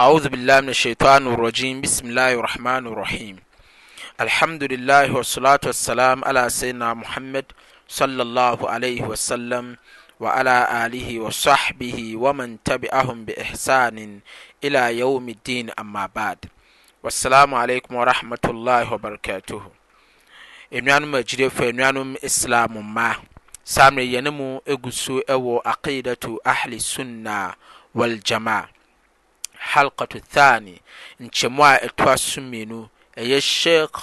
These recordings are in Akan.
أعوذ بالله من الشيطان الرجيم بسم الله الرحمن الرحيم الحمد لله والصلاة والسلام على سيدنا محمد صلى الله عليه وسلم وعلى آله وصحبه ومن تبعهم بإحسان إلى يوم الدين أما بعد والسلام عليكم ورحمة الله وبركاته nnuanom agyirefo في islam mma saa mmerɛ yɛne mu egu so wɔ aqidatu halkatu thani nkyɛmu a ɛtoa e so mmienu ɛyɛ e sheikh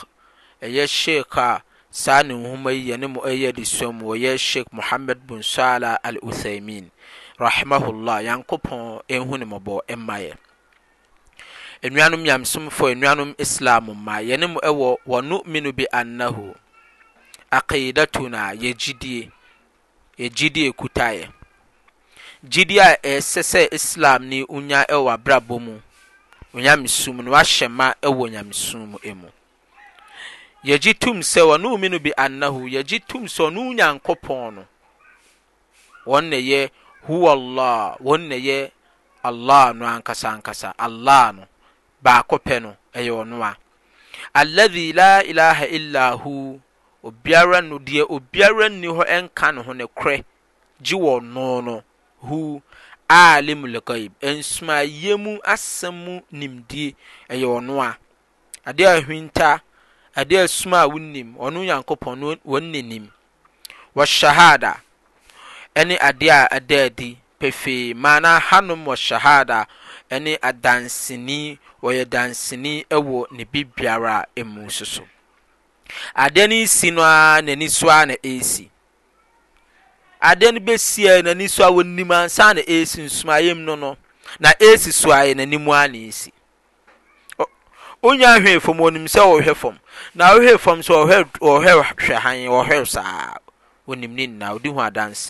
ɛyɛ e sheikh a saa ne nhoma yi yɛ ne mu ɛyɛ de sua mu wɔyɛ sheikh muhammad bin sala al uthaymin rahimahullah yankopɔn ɛnhu ne mɔbɔ ɛmma yɛ nnuanom nyamsomfoɔ nnuanom islam mma ne mu ɛwɔ wɔnominu bi annahu aqidatuna yɛgyidie yɛgyidie kutaye. gyidi a ɛsɛ sɛ islam ni onya ɛwɔ abrabɔ mu onyamesum no wahyɛ ma ɛwɔ onyamesum mu yɛgye tum sɛ wɔne omi no bi annahu yɛgye tum sɛ ɔno nyankopɔn no wɔn na yɛ huwallah wɔn na yɛ allah no ankasa ankasa allah no baako pɛ no ɛyɛ ɔno a alladhi la ilaha illa hu obiara no deɛ obiara nni hɔ ɛnka ne ho ne korɛ gye wɔ no no hu alimul ghaib nsumayɛ mu asɛm mu nimdie ɛyɛ ɔno a adeɛ a hwinta adeɛ a suma a wonim ɔno nyankopɔn wɔn na nim wɔ shahada ɛne adeɛ a ɛda adi pefee maana hanom wɔ shahada ɛne adanseni wɔyɛ danseni ɛwɔ ne bibiara emu soso adeɛ no si no a n'ani so a na ɛresi adeɛ no bɛsi a n'ani so a wɔnim ansa na esi nsumayɛm no no na esi so a n'anim a na esi onya ahwɛ fam onim sɛ ɔhwɛ fam na ɔhwɛ fam sɛ ɔhwɛ ɔhwɛ hwɛ han ɔhwɛ saa onim ne nyinaa odi ho adanse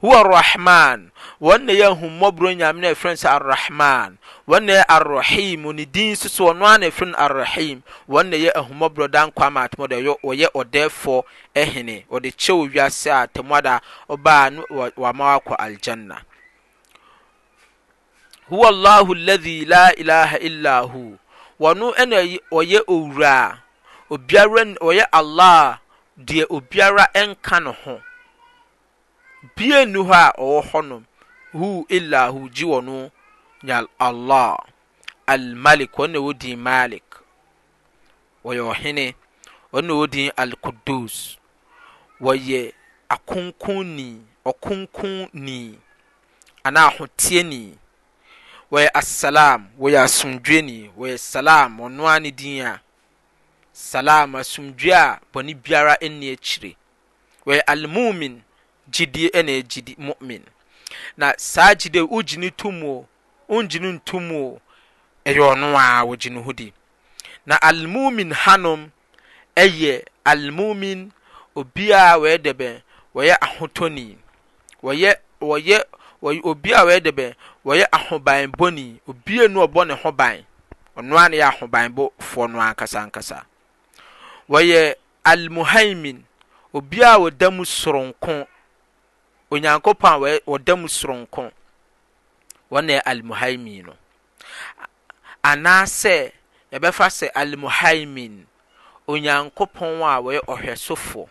huwa rahman wɔn na yɛ ahummɔborɔ nyame na ɛfrɛ sɛ arrahman wɔn na yɛ arrahim ne din nso so ɔno wani na ɛfrɛ no arrahim wɔn na yɛ ahummɔborɔ da nkwa ama atom ɔde ɔyɛ ɔdɛɛfoɔ ɛhene ɔde kyɛw wiase a atemmuada ɔbaa no wama wakɔ aljanna huwa allahu alladhi la ilaha illa hu wɔno ɛna ɔyɛ owura obiara ɔyɛ allah deɛ obiara ɛnka no ho bia nu hɔ a ɔwɔ hɔno hu ila ho gyi wɔ no ya alah almalik hɔnne wɔdin malik wɔyɛ ɔhene ɔnne wɔdin alkudus wɔyɛ aoiɔkronko ni anaa ahoteɛ ni wɔyɛ asalam wɔyɛ asomdweni wɔyɛ salam ɔnoaa ne din a salam asomdwe a bɔne biara nniakyirɛ wɔyɛ almumen gyidie ɛna gyidi mu'min na saa gyidie wogyi ne tum o wongyi ne ntum o ɛyɛ ɔno a wogyi ho di na almumin hanom ɛyɛ almumin obi a wɔyɛ dɛbɛn wɔyɛ ahotɔni wɔyɛ wɔyɛ wɔyɛ obi a wɔyɛ dɛbɛn wɔyɛ ahobanbɔni obi a no ɔbɔ ne ho ban ɔno a no yɛ ahobanbɔfoɔ no ankasa ankasa wɔyɛ almuhaimin obi a wɔda mu soronko onyankopɔn a wɔda mu soronko wɔne almuhaimin no anaasɛ yɛbɛfa sɛ almuhaimin onyankopɔn a wɔyɛ ɔhwɛsofoɔ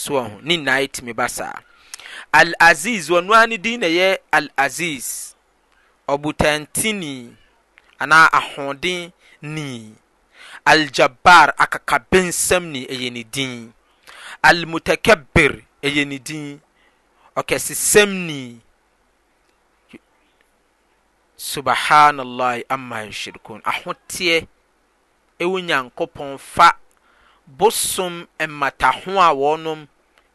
so wɔ ho ne nyinaa yɛtumi ba saa al-aziz wɔn nua din na yɛ al-aziz ɔbutantini anaa ahoɔden ni al-jabbar akakabensɛm ni ɛyɛ ne din al-mutakabir ɛyɛ ne din kɛse sɛm ni subhanllh amma yɛsiricuun ahoteɛ ɛwɔ nyankopɔn fa bosom mataho a wɔnom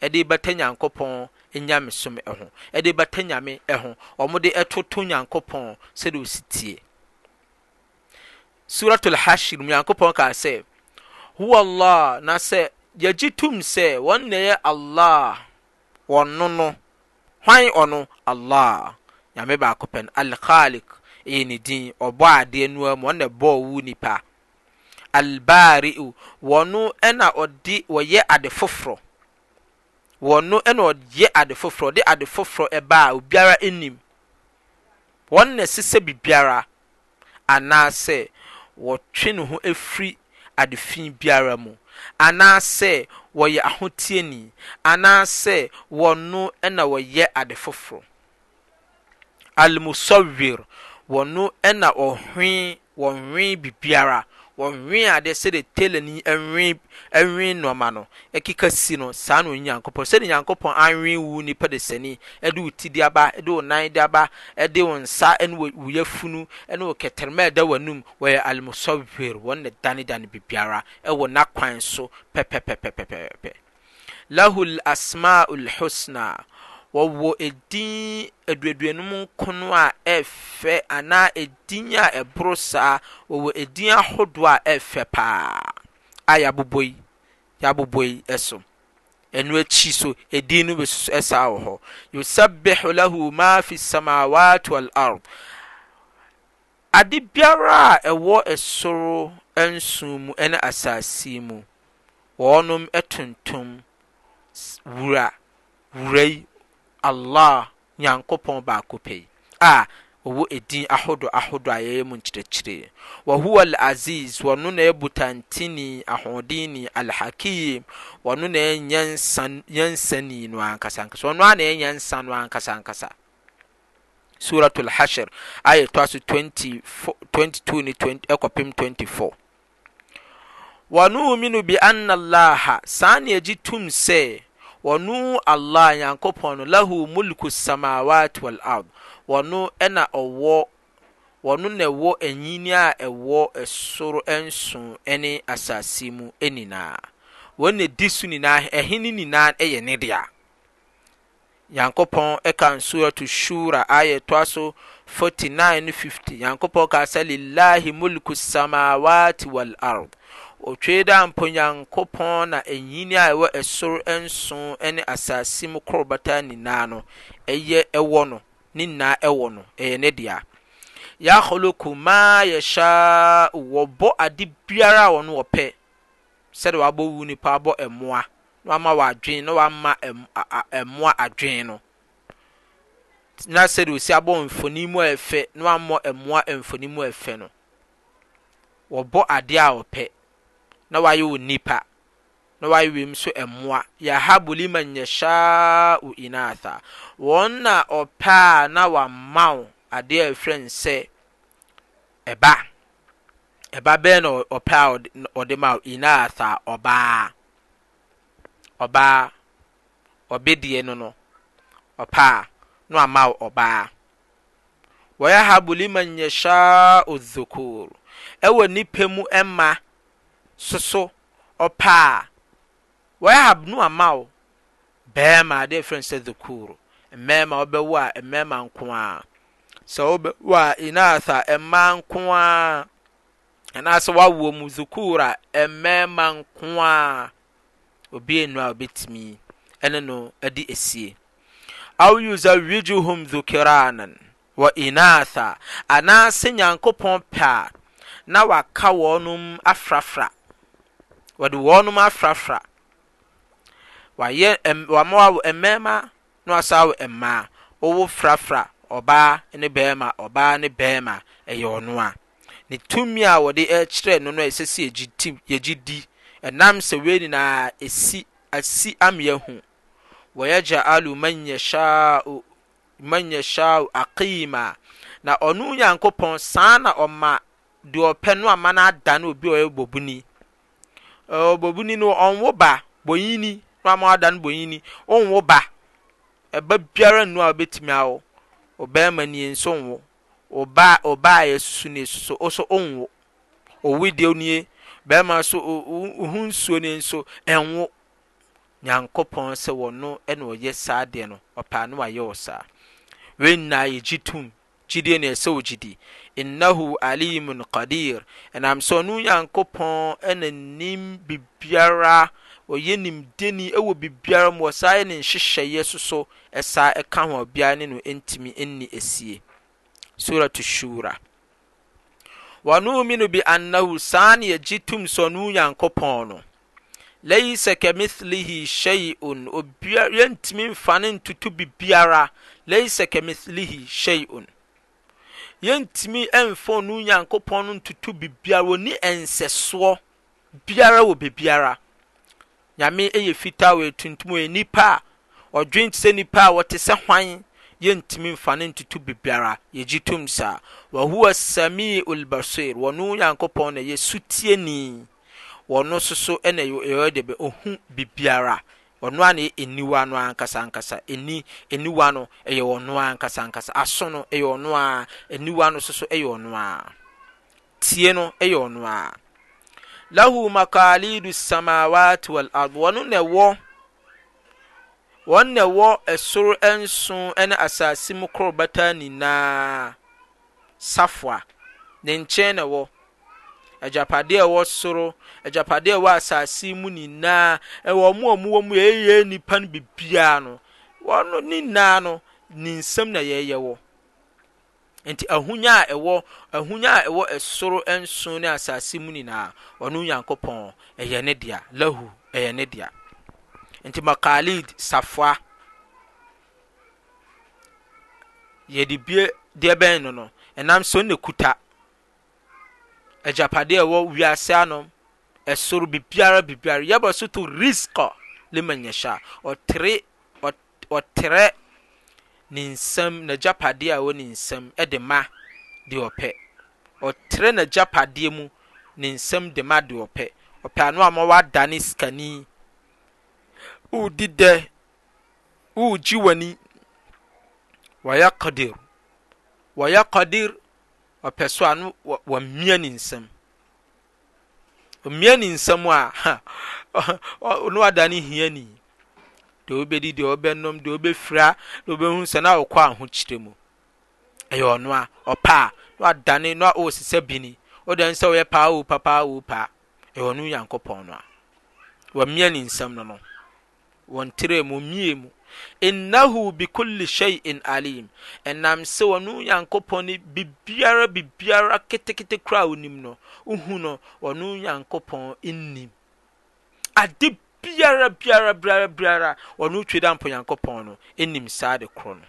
ɛde r bɛta nyankopɔn nyame som ho ɛde bɛta nyame ho ɔmo de ɛtoto nyankopɔn sɛdɛ ositie surat alhasyiri mu nyankopɔnkasɛ howallanasɛyɛgye tom sɛ wɔnɛ allaɔ hwan ɔno allah nyame baako pɛ no alkhalik ɛyɛ ne din ɔbɔ adeɛ no mu ɔna bɔɔ wu nipa albari'u wɔno ɛna ɔde wɔyɛ ade foforɔ wɔno ɛna ɔyɛ ade foforɔ ɔde ade foforɔ ɛba a obiara anim wɔn na ɛsesɛ biribiara anaasɛ wɔtwe ne ho afiri ade biara mu anaasɛ wɔyɛ ahotieni anaasɛ wɔno na wɔyɛ ade foforɔ almusawir wɔno na ɔhwee wɔnhwee biribiara wɔnwen ade sɛde tailor ni nwen nwen nneɛma no ɛkeka si no saa na onyi nyankopɔn sɛde nyankopɔn anwen wu nipa de sani ɛde wo ti de aba ɛde wo nan de aba ɛde wo nsa ɛne wo wo yafunu ɛne wo kɛtɛrɛmɛ ɛda wɔn anum wɔyɛ alimusɔbir wɔn na danedane bibiara ɛwɔ n'akwan so pɛpɛpɛpɛpɛpɛ lahul asmaul husna wɔwɔ ɛdin aduadenom nko n a ɛfɛ anaa ɛdin a ɛboro saa wɔwɔ ɛdin ahodoɔ a ɛfɛ paa a y yiybobɔ yi so ɛno akyi so ɛdin no bisuso ɛsaa wɔ hɔ yosabiho lahu ma fi samawat walard ade biara a ɛwɔ ɛsoro nsu mu ɛne asasey mu wɔɔnom tontom wura wura yi allah nyankopɔn baako pɛi a ɔwɔ din ahodo ahodo a yɛɛ mu nkyerɛkyerɛ wɔhowa alasise wɔno na ɛbutanteni ahodenni alhakim ɔno na nyɛnsa nii no ar nkasanksa wɔno ana ɛnya nsa no a nkasankasa surat lhasher ayɛt a so 22 neɛkp 24 wɔ numenu beannllaha saa nne agye tom sɛ wɔno allah nyankopɔn no lahu mulku samawat walard wɔno ɛna ɔwɔ wɔno na ɛwɔ anyini a ɛwɔ ɛsoro nson ne asase mu nyinaa wɔn na di so nyinaa ɛhene nyinaa yɛ ne dea nyankopɔn ɛka nsuratu shura ayɛ toa so 49 50 nyankopɔn ka sɛ lillahi mulku samawat walard otwei da ampo nyankopɔn na enyini a ɛwɔ ɛsoro nson ne asase mu korobata nyinaa no ɛyɛ ɛwɔ no ne nyinaa ɛwɔ no ɛyɛ ne dea yakhluku ma yasha wɔbɔ ade biara a wɔn wɔpɛ sɛde wabɔ wu nipa abɔ ɛmoa na wama wadwen na wama ɛmoa adwen no na sɛde osi abɔ mfoni mu ɛfɛ na wamɔ ɛmoa mfoni mu ɛfɛ no wɔbɔ ade a wɔpɛ na wayɛwo nipa na way wi mu so ɛmoa yɛhabolema nyasyaa o inathaa wɔn na ɔpɛ a na wamao adeɛ a frind sɛ ɛba ɛba bɛrɛ na ɔpɛ a ɔde maw inathaa bad no nopɛan amawbaa yɛ habolema nyasyaa o zokur ɛw nip mu ma soso ɔpaa wɔahab no ama wo bɛrima adeɛ frɛ sɛ dhukuru mmarima wɔbɛwo a mmarima nko a sɛ wobɛwo a inatha mma nko a anaasɛ woawo mu dhukur a mmarima nko a obi enu a obetumi ɛne no ɛde esie aw yuzawijuhum dhukiranan wɔ inatha anaasɛ nyankopɔn pɛ a na waka wɔnom afrafra wɔde wɔnom afrafra wayɛ wama wɔ mmarima na wasa wɔ mmaa wɔwɔ frafra ɔbaa ne barima ɔbaa ne barima ɛyɛ ɔno a ne tumi a wɔde ɛkyerɛ no no a ɛsɛ sɛ yɛgye ti yɛgye di ɛnam sɛ wei nyinaa esi asi ameɛ ho wɔyɛ gya alu manyɛhyɛw manyɛhyɛw akima na ɔno nyankopɔn saa na ɔma deɛ ɔpɛ no ama no ada no obi ɔyɛ bɔbuni obobuni no ɔnwo ba bonyini na ada no bonyini ɔnwo ba ɛba biara nnu a obetumi awo ɔbɛrima nie nso nwo ɔbaa ɔbaa yɛ susu ne susu ɔso ɔnwo owi deɛ nie bɛrima so ɔhu nsuo ne nso ɛnwo nyankopɔn sɛ wɔno ɛna ɔyɛ saa deɛ no ɔpaa no wayɛ wɔ saa wei nyinaa yɛgye tom gyidie na ɛsɛ wɔ gyidi innahu alimun qadir ɛnam sɛɔne nyankopɔn ɛna nim birbiara ɔyɛ nimdeni ɛwɔ biribiara muwɔ saa ɛne nhyehyɛyɛ soso ɛsaa ɛka hoabiaa ne no ɛntumi nni asie surat sora wanomenu biannahu saa neyagye tum sneo nyankopɔn no laisa kamithlihi shion oiyɛntumi mfane ntutu birbiara lasa kamithlih shion yɛntumi ɛmfa no nyankopɔn no ntutu biribiara wɔni ɛnsɛsoɔ biara wɔ biribiara nyame ɛyɛ fitaa wɔyɛ tuntum wɔyɛ nipa a ɔdwen te sɛ nipa a wɔte sɛ hwan yɛntumi mfa no ntutu biribiara yɛgye tom saa wahowa samii ulbasir wɔno nyankopɔn na yɛ sutieni wɔno soso ɛna yɛwɔ de bɛ ɔhu biribiara ɔno a na e-, eniwa no ankasa ankasa eni eniwa no ɛyɛ ɔno a ankasa ankasa aso no ɛyɛ ɔno a eniwa no soso ɛyɛ ɔno a tie no ɛyɛ ɔno a lahu makalidu samawati wal ard wɔn na ɛwɔ wɔn na ɛwɔ ɛsoro nson ɛne asase mu korobata nyinaa safoa ne nkyɛn na ɛwɔ agyapadeɛ a ɛwɔ soro agyapadeɛ a ɛwɔ asase mu nyinaa ɛwɔ mu a muwɔ mu yɛyɛ nipa no bibiara no wɔn ne nyinaa no ne nsam na yɛyɛ wɔ nti ahonya a ɛwɔ ahonya a ɛwɔ ɛsoro nson ne asase mu nyinaa ɔno nyankopɔn ɛyɛ ne dea lahu ɛyɛ ne dea nti makalid safoa yɛde bie deɛ bɛn no no ɛnam so ne kuta agyapadeɛ a ɛwɔ wiase ano ɛsoro bibiara bibiara yɛbɔ so to riskɔ lema nyɛhyɛ a ɔtere ɔterɛ ne nsam n'agyapadeɛ a ɛwɔ ne nsam ɛde ma deɛ ɔpɛ ɔtere n'agyapadeɛ mu ne nsam de ma deɛ ɔpɛ ɔpɛ ano a ma wadane sikani wodi dɛ w'ani wɔyɛ kɔdir wɔyɛ kɔdir ɔpɛ so a no wɔmmia ne nsam mmia ne nsam a ha ɔno ada ne hia ni deɛ ɔbɛdi deɛ ɔbɛnom deɛ ɔbɛfira deɛ ɔbɛhu sɛ na ɔkɔ ahokyerɛ mu ɛyɛ ɔno a ɔpa a na adane na ɔresesa bi ɔda nsɛ ɔyɛ paa o pa paa o pa ɛyɛ ɔno nyankopɔn no a wɔmmia ne nsam no no wọn tire mu mie mu innahu bikulli shay'in alim ɛnam sɛ wɔn nyankopɔn ne bibiara bibiara ketekete kora a onim no uhu no wɔn nyankopɔn nnim ade biara biara biara biara wɔn twe da mpo nyankopɔn no nnim saa de korɔ no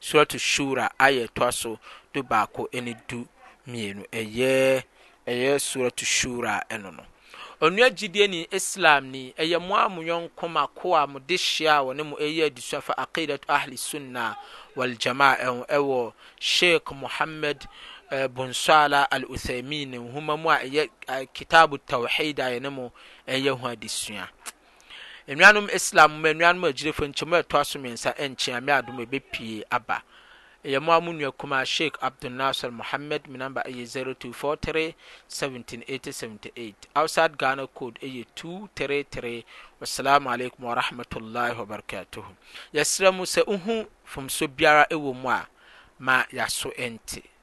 suratu shura ayɛ ɛtɔ so do baako ne du mmienu ɛyɛ ɛyɛ suratu shura ɛno no onua gyidie ni islam ni ɛyɛ mo a mo yɔnko ma ko a mo de hyia a ne mo ɛyɛ adisua fa aqidat ahli sunna wal jamaa ɛho ɛwɔ sheikh muhammad eh, bonsala al uthaimin ne nhoma mu a ɛyɛ kitabu tawhid a ne mo ɛyɛ ho adesua nnuanom islam mu nnuanom agyirefo nkyɛn mu ɛtɔ so mmiɛnsa nkyɛn ame adum ebepie aba ɛyɛmua mu nuakuma sheikh abdunnaser mohammad minambe ayɛ 0243 7878 outside ghana code eyɛ 2 3 3 wassalamu aleikum warahmatullahi wa barakatuhu yasera mu sa uhu fum sobiara ɛwom mua maa ya so ɛnti